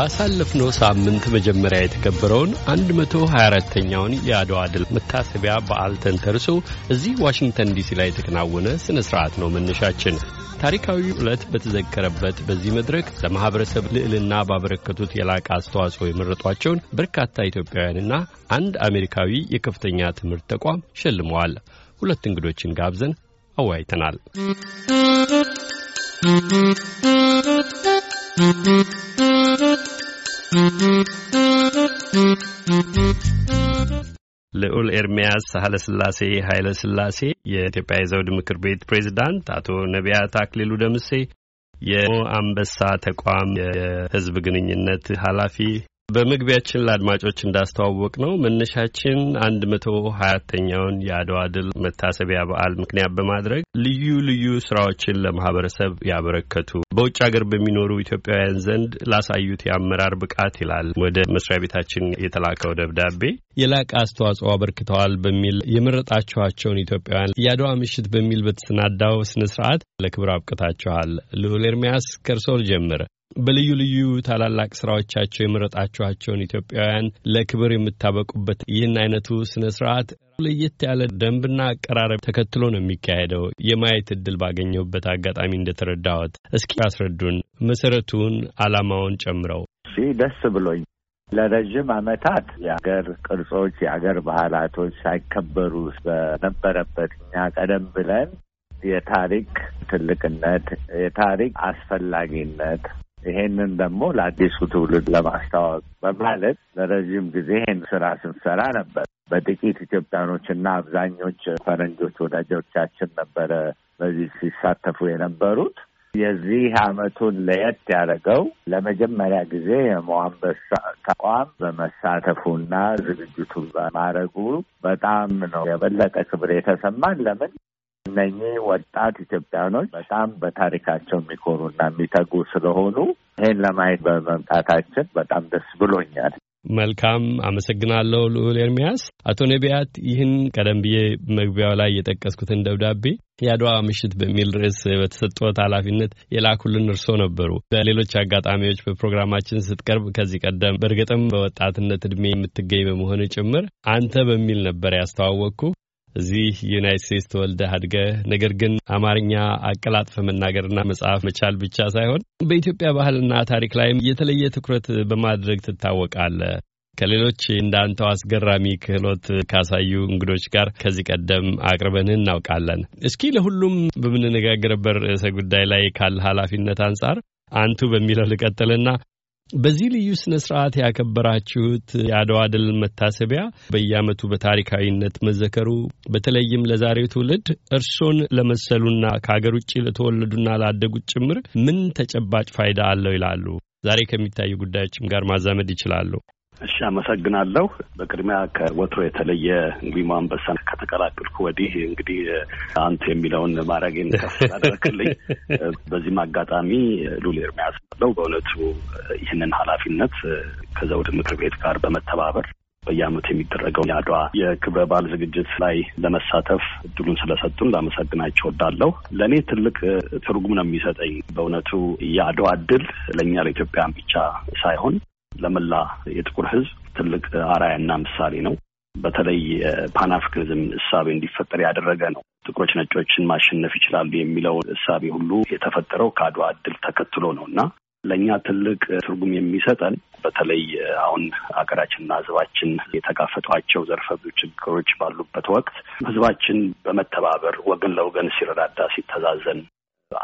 ባሳለፍነው ሳምንት መጀመሪያ የተከበረውን 124ኛውን የአድዋ ድል መታሰቢያ በዓል ተንተርሶ እዚህ ዋሽንግተን ዲሲ ላይ የተከናወነ ስነ ስርዓት ነው መነሻችን። ታሪካዊ ዕለት በተዘከረበት በዚህ መድረክ ለማኅበረሰብ ልዕልና ባበረከቱት የላቀ አስተዋጽኦ የመረጧቸውን በርካታ ኢትዮጵያውያንና አንድ አሜሪካዊ የከፍተኛ ትምህርት ተቋም ሸልመዋል። ሁለት እንግዶችን ጋብዘን አወያይተናል። Mm-hmm. ልዑል ኤርሚያስ ሳህለ ስላሴ ኃይለ ስላሴ፣ የኢትዮጵያ የዘውድ ምክር ቤት ፕሬዚዳንት አቶ ነቢያት አክሊሉ ደምሴ፣ የሞ አንበሳ ተቋም የህዝብ ግንኙነት ኃላፊ በመግቢያችን ለአድማጮች እንዳስተዋወቅ ነው መነሻችን አንድ መቶ ሀያተኛውን የአድዋ ድል መታሰቢያ በዓል ምክንያት በማድረግ ልዩ ልዩ ስራዎችን ለማህበረሰብ ያበረከቱ በውጭ ሀገር በሚኖሩ ኢትዮጵያውያን ዘንድ ላሳዩት የአመራር ብቃት ይላል ወደ መስሪያ ቤታችን የተላከው ደብዳቤ የላቀ አስተዋጽኦ አበርክተዋል በሚል የመረጣችኋቸውን ኢትዮጵያውያን የአድዋ ምሽት በሚል በተሰናዳው ስነ ስርዓት ለክብር አብቅታችኋል። ልዑል ኤርሚያስ ከርሶል ልጀምር። በልዩ ልዩ ታላላቅ ስራዎቻቸው የመረጣችኋቸውን ኢትዮጵያውያን ለክብር የምታበቁበት ይህን አይነቱ ስነ ስርዓት ለየት ያለ ደንብና አቀራረብ ተከትሎ ነው የሚካሄደው። የማየት እድል ባገኘሁበት አጋጣሚ እንደተረዳሁት፣ እስኪ ያስረዱን መሰረቱን፣ አላማውን ጨምረው። ደስ ብሎኝ ለረዥም አመታት የሀገር ቅርጾች የሀገር ባህላቶች ሳይከበሩ በነበረበት እኛ ቀደም ብለን የታሪክ ትልቅነት፣ የታሪክ አስፈላጊነት ይሄንን ደግሞ ለአዲሱ ትውልድ ለማስታወቅ በማለት ለረዥም ጊዜ ይህን ስራ ስንሰራ ነበር። በጥቂት ኢትዮጵያኖችና አብዛኞች ፈረንጆች ወዳጆቻችን ነበረ በዚህ ሲሳተፉ የነበሩት። የዚህ አመቱን ለየት ያደረገው ለመጀመሪያ ጊዜ የመዋንበሳ ተቋም በመሳተፉና ዝግጅቱ በማድረጉ በጣም ነው የበለጠ ክብር የተሰማን። ለምን እነኚህ ወጣት ኢትዮጵያኖች በጣም በታሪካቸው የሚኮሩና የሚተጉ ስለሆኑ ይህን ለማየት በመምጣታችን በጣም ደስ ብሎኛል። መልካም አመሰግናለሁ ልዑል ኤርሚያስ። አቶ ነቢያት ይህን ቀደም ብዬ መግቢያው ላይ የጠቀስኩትን ደብዳቤ የአድዋ ምሽት በሚል ርዕስ በተሰጠት ኃላፊነት የላኩልን እርስዎ ነበሩ። በሌሎች አጋጣሚዎች በፕሮግራማችን ስትቀርብ ከዚህ ቀደም በእርግጥም በወጣትነት ዕድሜ የምትገኝ በመሆን ጭምር አንተ በሚል ነበር ያስተዋወቅኩ። እዚህ ዩናይት ስቴትስ ተወልደህ አድገህ ነገር ግን አማርኛ አቀላጥፈ መናገርና መጽሐፍ መቻል ብቻ ሳይሆን በኢትዮጵያ ባህልና ታሪክ ላይም የተለየ ትኩረት በማድረግ ትታወቃለህ። ከሌሎች እንዳንተው አስገራሚ ክህሎት ካሳዩ እንግዶች ጋር ከዚህ ቀደም አቅርበን እናውቃለን። እስኪ ለሁሉም በምንነጋገርበት ርዕሰ ጉዳይ ላይ ካለ ኃላፊነት አንጻር አንቱ በሚለው ልቀጥልና በዚህ ልዩ ስነ ስርዓት ያከበራችሁት የአድዋ ድል መታሰቢያ በየአመቱ በታሪካዊነት መዘከሩ በተለይም ለዛሬው ትውልድ እርሶን ለመሰሉና ከሀገር ውጭ ለተወለዱና ላደጉት ጭምር ምን ተጨባጭ ፋይዳ አለው ይላሉ? ዛሬ ከሚታዩ ጉዳዮችም ጋር ማዛመድ ይችላሉ። እሺ፣ አመሰግናለሁ። በቅድሚያ ከወትሮ የተለየ እንግዲህ አንበሳን ከተቀላቀልኩ ወዲህ እንግዲህ አንተ የሚለውን ማድረጌን ከፍ ያደረክልኝ፣ በዚህም አጋጣሚ ሉል ኤርሚያስ ለው በእውነቱ ይህንን ኃላፊነት ከዘውድ ምክር ቤት ጋር በመተባበር በየዓመቱ የሚደረገው የአድዋ የክብረ በዓል ዝግጅት ላይ ለመሳተፍ እድሉን ስለሰጡን ላመሰግናቸው እወዳለሁ። ለእኔ ትልቅ ትርጉም ነው የሚሰጠኝ። በእውነቱ የአድዋ ድል ለእኛ ለኢትዮጵያን ብቻ ሳይሆን ለመላ የጥቁር ህዝብ ትልቅ አርአያና ምሳሌ ነው። በተለይ ፓን እሳቤ እንዲፈጠር ያደረገ ነው። ጥቁሮች ነጮችን ማሸነፍ ይችላሉ የሚለው እሳቤ ሁሉ የተፈጠረው ከአድዋ እድል ተከትሎ ነው እና ለእኛ ትልቅ ትርጉም የሚሰጠን በተለይ አሁን ሀገራችንና ህዝባችን የተጋፈጧቸው ዘርፈ ብዙ ችግሮች ባሉበት ወቅት ህዝባችን በመተባበር ወገን ለወገን ሲረዳዳ፣ ሲተዛዘን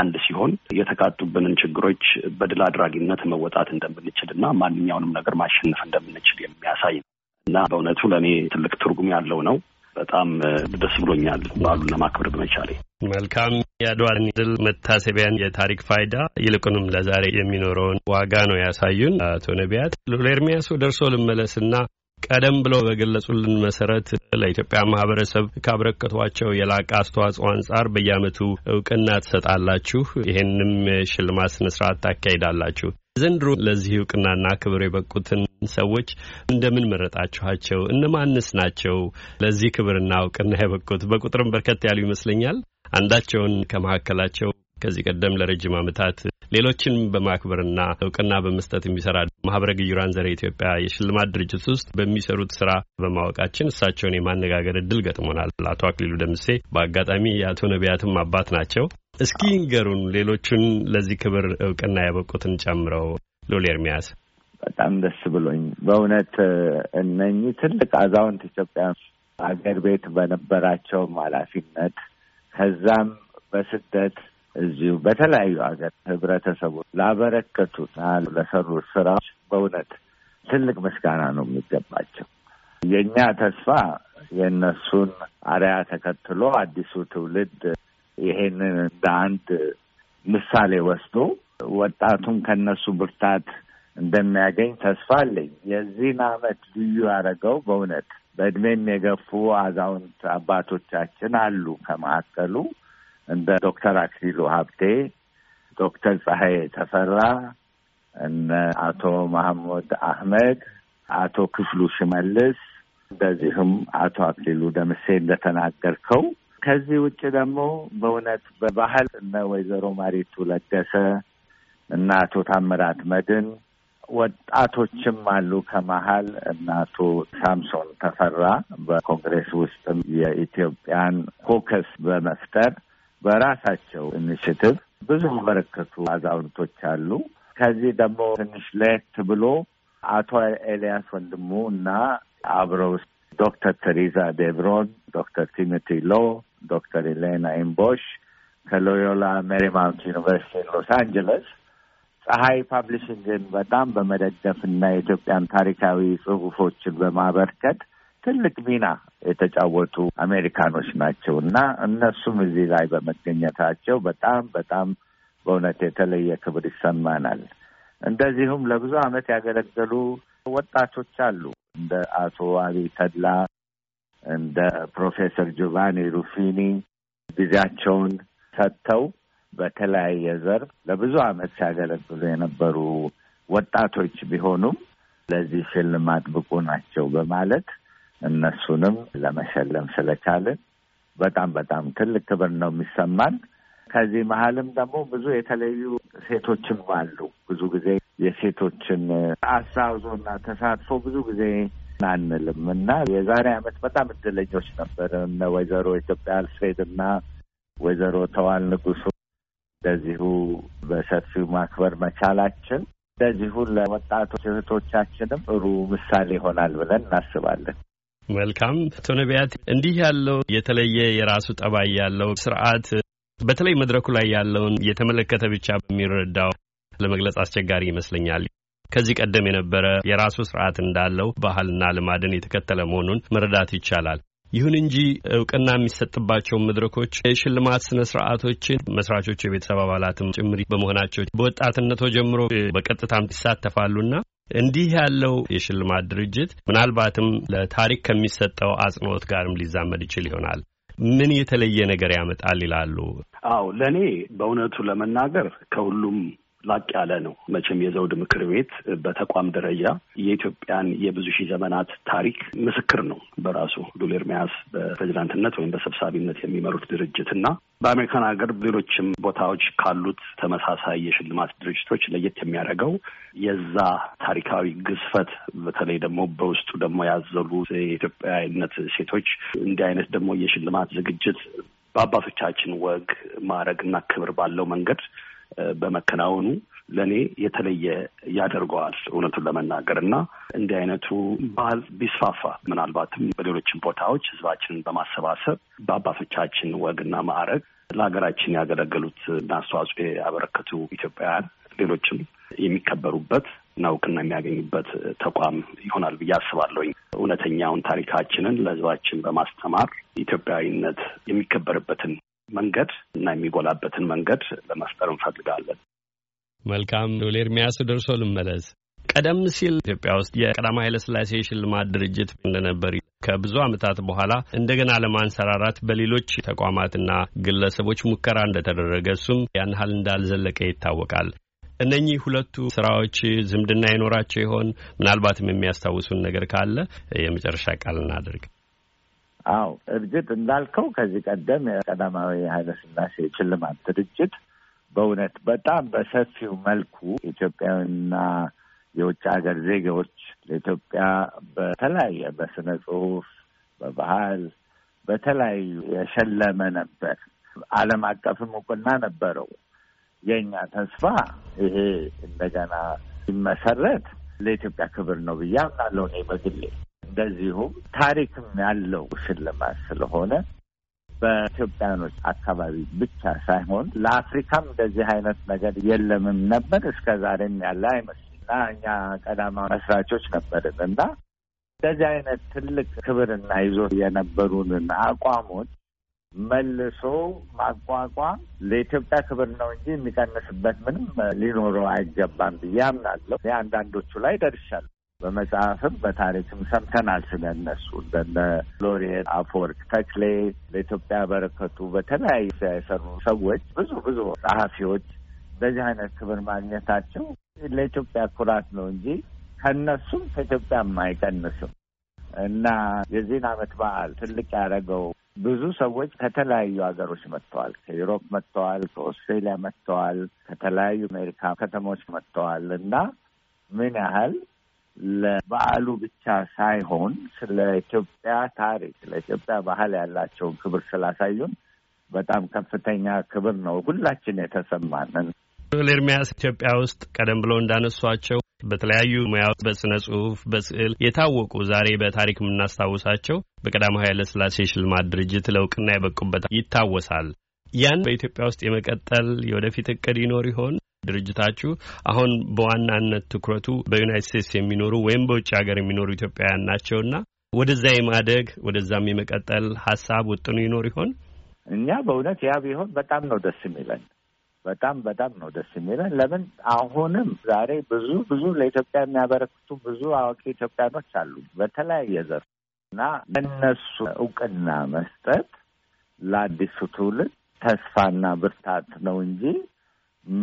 አንድ ሲሆን የተጋጡብንን ችግሮች በድል አድራጊነት መወጣት እንደምንችል እና ማንኛውንም ነገር ማሸነፍ እንደምንችል የሚያሳይ ነው እና በእውነቱ ለእኔ ትልቅ ትርጉም ያለው ነው። በጣም ደስ ብሎኛል በዓሉን ለማክበር በመቻሌ። መልካም የአድዋን ድል መታሰቢያን የታሪክ ፋይዳ ይልቁንም ለዛሬ የሚኖረውን ዋጋ ነው ያሳዩን አቶ ነቢያት። ልዑል ኤርሚያስ ወደ እርስዎ ልመለስና ቀደም ብሎ በገለጹልን መሰረት ለኢትዮጵያ ማህበረሰብ ካበረከቷቸው የላቀ አስተዋጽኦ አንጻር በየአመቱ እውቅና ትሰጣላችሁ፣ ይህንም ሽልማት ስነ ስርዓት ታካሂዳላችሁ። ዘንድሮ ለዚህ እውቅናና ክብር የበቁትን ሰዎች እንደምን መረጣችኋቸው? እነማንስ ናቸው ለዚህ ክብርና እውቅና የበቁት? በቁጥርም በርከት ያሉ ይመስለኛል። አንዳቸውን ከመካከላቸው ከዚህ ቀደም ለረጅም ዓመታት ሌሎችን በማክበርና እውቅና በመስጠት የሚሰራ ማህበረ ግዩራን ዘረ ኢትዮጵያ የሽልማት ድርጅት ውስጥ በሚሰሩት ስራ በማወቃችን እሳቸውን የማነጋገር እድል ገጥሞናል። አቶ አክሊሉ ደምሴ በአጋጣሚ የአቶ ነቢያትም አባት ናቸው። እስኪ ንገሩን ሌሎቹን ለዚህ ክብር እውቅና ያበቁትን ጨምረው። ሎሌ ኤርሚያስ በጣም ደስ ብሎኝ በእውነት እነኚህ ትልቅ አዛውንት ኢትዮጵያ አገር ቤት በነበራቸውም ኃላፊነት ከዛም በስደት እዚሁ በተለያዩ ሀገር ህብረተሰቦች ላበረከቱና ለሰሩ ስራዎች በእውነት ትልቅ ምስጋና ነው የሚገባቸው። የእኛ ተስፋ የእነሱን አርያ ተከትሎ አዲሱ ትውልድ ይሄንን እንደ አንድ ምሳሌ ወስዶ ወጣቱም ከነሱ ብርታት እንደሚያገኝ ተስፋ አለኝ። የዚህን አመት ልዩ ያደረገው በእውነት በእድሜም የገፉ አዛውንት አባቶቻችን አሉ ከመካከሉ እንደ ዶክተር አክሊሉ ሀብቴ፣ ዶክተር ፀሐይ ተፈራ፣ እነ አቶ መሐሙድ አህመድ፣ አቶ ክፍሉ ሽመልስ እንደዚህም አቶ አክሊሉ ደምሴ እንደተናገርከው ከዚህ ውጭ ደግሞ በእውነት በባህል እነ ወይዘሮ ማሪቱ ለገሰ እና አቶ ታምራት መድን ወጣቶችም አሉ ከመሀል እና አቶ ሳምሶን ተፈራ በኮንግሬስ ውስጥም የኢትዮጵያን ኮከስ በመፍጠር በራሳቸው ኢኒሽቲቭ ብዙ ያበረከቱ አዛውንቶች አሉ። ከዚህ ደግሞ ትንሽ ለየት ብሎ አቶ ኤልያስ ወንድሙ እና አብረው ዶክተር ቴሪዛ ዴብሮን፣ ዶክተር ቲሞቲ ሎ፣ ዶክተር ኤሌና ኢምቦሽ ከሎዮላ ሜሪማውንት ዩኒቨርሲቲ ሎስ አንጀለስ ፀሐይ ፓብሊሽንግን በጣም በመደገፍ እና የኢትዮጵያን ታሪካዊ ጽሁፎችን በማበርከት ትልቅ ሚና የተጫወቱ አሜሪካኖች ናቸው እና እነሱም እዚህ ላይ በመገኘታቸው በጣም በጣም በእውነት የተለየ ክብር ይሰማናል። እንደዚሁም ለብዙ ዓመት ያገለገሉ ወጣቶች አሉ እንደ አቶ አብይ ተድላ፣ እንደ ፕሮፌሰር ጆቫኒ ሩፊኒ ጊዜያቸውን ሰጥተው በተለያየ ዘር ለብዙ ዓመት ሲያገለግሉ የነበሩ ወጣቶች ቢሆኑም ለዚህ ሽልማት ብቁ ናቸው በማለት እነሱንም ለመሸለም ስለቻልን በጣም በጣም ትልቅ ክብር ነው የሚሰማን። ከዚህ መሀልም ደግሞ ብዙ የተለዩ ሴቶችም አሉ። ብዙ ጊዜ የሴቶችን አሳዞና ተሳትፎ ብዙ ጊዜ አንልም እና የዛሬ ዓመት በጣም እድለኞች ነበር። እነ ወይዘሮ ኢትዮጵያ አልፍሬድ እና ወይዘሮ ተዋል ንጉሱ እንደዚሁ በሰፊው ማክበር መቻላችን እንደዚሁ ለወጣቶች እህቶቻችንም ጥሩ ምሳሌ ይሆናል ብለን እናስባለን። መልካም አቶ ነቢያት፣ እንዲህ ያለው የተለየ የራሱ ጠባይ ያለው ስርዓት በተለይ መድረኩ ላይ ያለውን የተመለከተ ብቻ በሚረዳው ለመግለጽ አስቸጋሪ ይመስለኛል። ከዚህ ቀደም የነበረ የራሱ ስርዓት እንዳለው ባህልና ልማድን የተከተለ መሆኑን መረዳት ይቻላል። ይሁን እንጂ እውቅና የሚሰጥባቸውን መድረኮች፣ የሽልማት ስነ ስርዓቶችን መስራቾቹ የቤተሰብ አባላትም ጭምሪ በመሆናቸው በወጣትነቶ ጀምሮ በቀጥታም ይሳተፋሉና እንዲህ ያለው የሽልማት ድርጅት ምናልባትም ለታሪክ ከሚሰጠው አጽንኦት ጋርም ሊዛመድ ይችል ይሆናል። ምን የተለየ ነገር ያመጣል ይላሉ? አዎ ለእኔ በእውነቱ ለመናገር ከሁሉም ላቅ ያለ ነው። መቼም የዘውድ ምክር ቤት በተቋም ደረጃ የኢትዮጵያን የብዙ ሺህ ዘመናት ታሪክ ምስክር ነው በራሱ ዱል ኤርሚያስ በፕሬዚዳንትነት ወይም በሰብሳቢነት የሚመሩት ድርጅት እና በአሜሪካን ሀገር ሌሎችም ቦታዎች ካሉት ተመሳሳይ የሽልማት ድርጅቶች ለየት የሚያደርገው የዛ ታሪካዊ ግዝፈት በተለይ ደግሞ በውስጡ ደግሞ ያዘሉ የኢትዮጵያዊነት ሴቶች እንዲህ አይነት ደግሞ የሽልማት ዝግጅት በአባቶቻችን ወግ ማዕረግና ክብር ባለው መንገድ በመከናወኑ ለእኔ የተለየ ያደርገዋል እውነቱን ለመናገር እና እንዲህ አይነቱ ባህል ቢስፋፋ ምናልባትም በሌሎችም ቦታዎች ህዝባችንን በማሰባሰብ በአባቶቻችን ወግና ማዕረግ ለሀገራችን ያገለገሉት እና አስተዋጽኦ ያበረከቱ ኢትዮጵያውያን ሌሎችም የሚከበሩበት እና እውቅና የሚያገኙበት ተቋም ይሆናል ብዬ አስባለሁኝ። እውነተኛውን ታሪካችንን ለህዝባችን በማስተማር ኢትዮጵያዊነት የሚከበርበትን መንገድ እና የሚጎላበትን መንገድ ለመፍጠር እንፈልጋለን። መልካም ዶሌ ኤርሚያስ ደርሶ ልመለስ። ቀደም ሲል ኢትዮጵያ ውስጥ የቀዳማዊ ኃይለስላሴ ሽልማት ድርጅት እንደነበር ከብዙ ዓመታት በኋላ እንደገና ለማንሰራራት በሌሎች ተቋማትና ግለሰቦች ሙከራ እንደተደረገ እሱም ያን ያህል እንዳልዘለቀ ይታወቃል። እነኚህ ሁለቱ ስራዎች ዝምድና ይኖራቸው ይሆን? ምናልባትም የሚያስታውሱን ነገር ካለ የመጨረሻ ቃል እናድርግ። አዎ እርግጥ እንዳልከው ከዚህ ቀደም የቀዳማዊ ኃይለስላሴ ሽልማት ድርጅት በእውነት በጣም በሰፊው መልኩ ኢትዮጵያዊና የውጭ ሀገር ዜጋዎች ለኢትዮጵያ በተለያየ በስነ ጽሁፍ፣ በባህል፣ በተለያዩ የሸለመ ነበር። ዓለም አቀፍም እውቅና ነበረው። የእኛ ተስፋ ይሄ እንደገና ሲመሰረት ለኢትዮጵያ ክብር ነው ብዬ አምናለሁ እኔ በግሌ። እንደዚሁም ታሪክም ያለው ሽልማት ስለሆነ በኢትዮጵያኖች አካባቢ ብቻ ሳይሆን ለአፍሪካም እንደዚህ አይነት ነገር የለምም ነበር እስከ ዛሬም ያለ አይመስልና እኛ ቀዳማ መስራቾች ነበርን እና እንደዚህ አይነት ትልቅ ክብርና ይዞ የነበሩንን አቋሞች መልሶ ማቋቋም ለኢትዮጵያ ክብር ነው እንጂ የሚቀንስበት ምንም ሊኖረው አይገባም ብዬ አምናለሁ። አንዳንዶቹ ላይ ደርሻለሁ። በመጽሐፍም በታሪክም ሰምተናል ስለ እነሱ እንደነ ሎሬት አፈወርቅ ተክሌ ለኢትዮጵያ በረከቱ በተለያዩ የሰሩ ሰዎች ብዙ ብዙ ጸሐፊዎች በዚህ አይነት ክብር ማግኘታቸው ለኢትዮጵያ ኩራት ነው እንጂ ከነሱም ከኢትዮጵያም አይቀንስም እና የዚህን ዓመት በዓል ትልቅ ያደረገው ብዙ ሰዎች ከተለያዩ ሀገሮች መጥተዋል። ከዩሮፕ መጥተዋል፣ ከኦስትሬሊያ መጥተዋል፣ ከተለያዩ አሜሪካ ከተሞች መጥተዋል እና ምን ያህል ለበዓሉ ብቻ ሳይሆን ስለ ኢትዮጵያ ታሪክ፣ ስለ ኢትዮጵያ ባህል ያላቸውን ክብር ስላሳዩን በጣም ከፍተኛ ክብር ነው ሁላችን የተሰማንን። ኤርሚያስ ኢትዮጵያ ውስጥ ቀደም ብለው እንዳነሷቸው በተለያዩ ሙያ በስነ ጽሁፍ፣ በስዕል የታወቁ ዛሬ በታሪክ የምናስታውሳቸው በቀዳማዊ ኃይለ ሥላሴ ሽልማት ድርጅት ለእውቅና የበቁበት ይታወሳል። ያን በኢትዮጵያ ውስጥ የመቀጠል የወደፊት እቅድ ይኖር ይሆን? ድርጅታችሁ አሁን በዋናነት ትኩረቱ በዩናይት ስቴትስ የሚኖሩ ወይም በውጭ ሀገር የሚኖሩ ኢትዮጵያውያን ናቸውና ወደዛ የማደግ ወደዛም የመቀጠል ሀሳብ ውጥኑ ይኖር ይሆን? እኛ በእውነት ያ ቢሆን በጣም ነው ደስ የሚለን። በጣም በጣም ነው ደስ የሚለን። ለምን አሁንም ዛሬ ብዙ ብዙ ለኢትዮጵያ የሚያበረክቱ ብዙ አዋቂ ኢትዮጵያኖች አሉ በተለያየ ዘርፍ እና ለነሱ እውቅና መስጠት ለአዲሱ ትውልድ ተስፋና ብርታት ነው እንጂ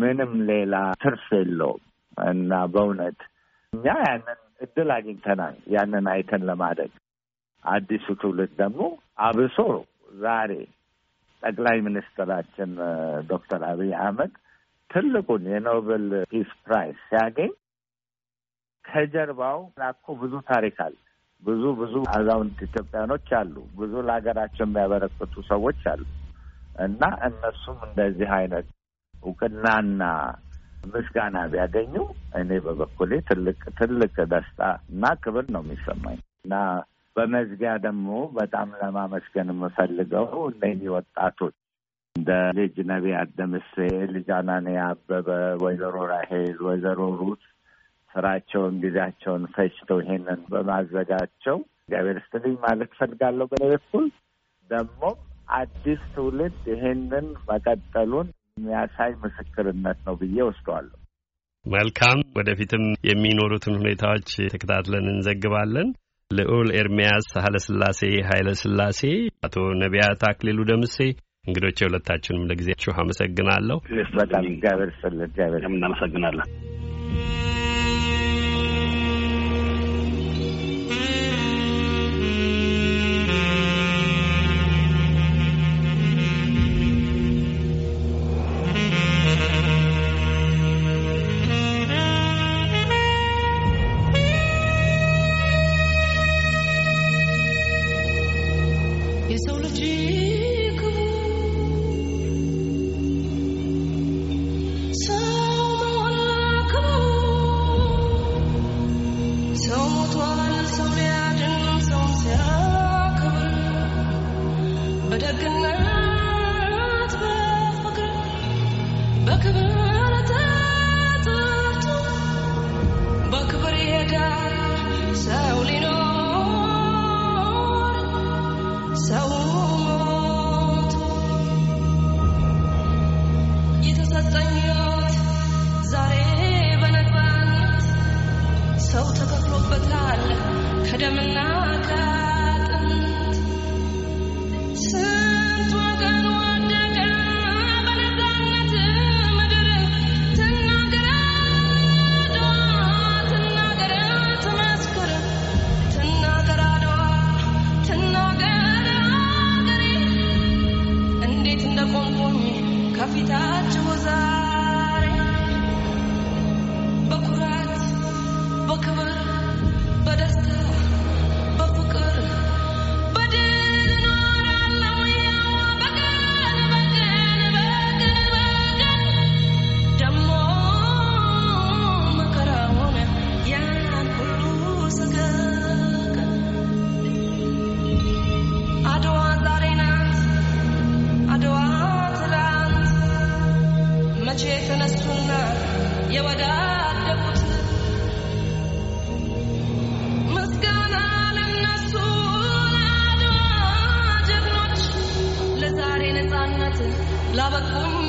ምንም ሌላ ትርፍ የለውም እና በእውነት እኛ ያንን እድል አግኝተናል፣ ያንን አይተን ለማደግ አዲሱ ትውልድ ደግሞ አብሶ ዛሬ ጠቅላይ ሚኒስትራችን ዶክተር አብይ አህመድ ትልቁን የኖብል ፒስ ፕራይስ ሲያገኝ ከጀርባው ላኮ ብዙ ታሪክ አለ። ብዙ ብዙ አዛውንት ኢትዮጵያኖች አሉ። ብዙ ለሀገራቸው የሚያበረክቱ ሰዎች አሉ እና እነሱም እንደዚህ አይነት እውቅናና ምስጋና ቢያገኙ እኔ በበኩሌ ትልቅ ትልቅ ደስታ እና ክብር ነው የሚሰማኝ እና በመዝጊያ ደግሞ በጣም ለማመስገን የምፈልገው እነህ ወጣቶች እንደ ልጅ ነቢያት ደምሴ፣ ልጅ አናንያ አበበ፣ ወይዘሮ ራሄል፣ ወይዘሮ ሩት ስራቸውን ጊዜያቸውን ፈጅተው ይሄንን በማዘጋቸው እግዚአብሔር ይስጥልኝ ማለት ፈልጋለሁ። በኔ በኩል ደግሞ አዲስ ትውልድ ይሄንን መቀጠሉን የሚያሳይ ምስክርነት ነው ብዬ ወስደዋለሁ። መልካም፣ ወደፊትም የሚኖሩትን ሁኔታዎች ተከታትለን እንዘግባለን። ልዑል ኤርሚያስ ኃይለ ሥላሴ ኃይለ ሥላሴ፣ አቶ ነቢያት አክሊሉ ደምሴ እንግዶች ሁለታችሁንም ለጊዜያችሁ አመሰግናለሁ። በጣም እግዚአብሔር ስል እግዚአብሔር እናመሰግናለን። ዛሬ ሰው ተከፍሎበታል ከደምና ጋር የወዳደቁት ምስጋና ለነሱ ለአድዋ ጀግኖች ለዛሬ ነጻነት ላበቁም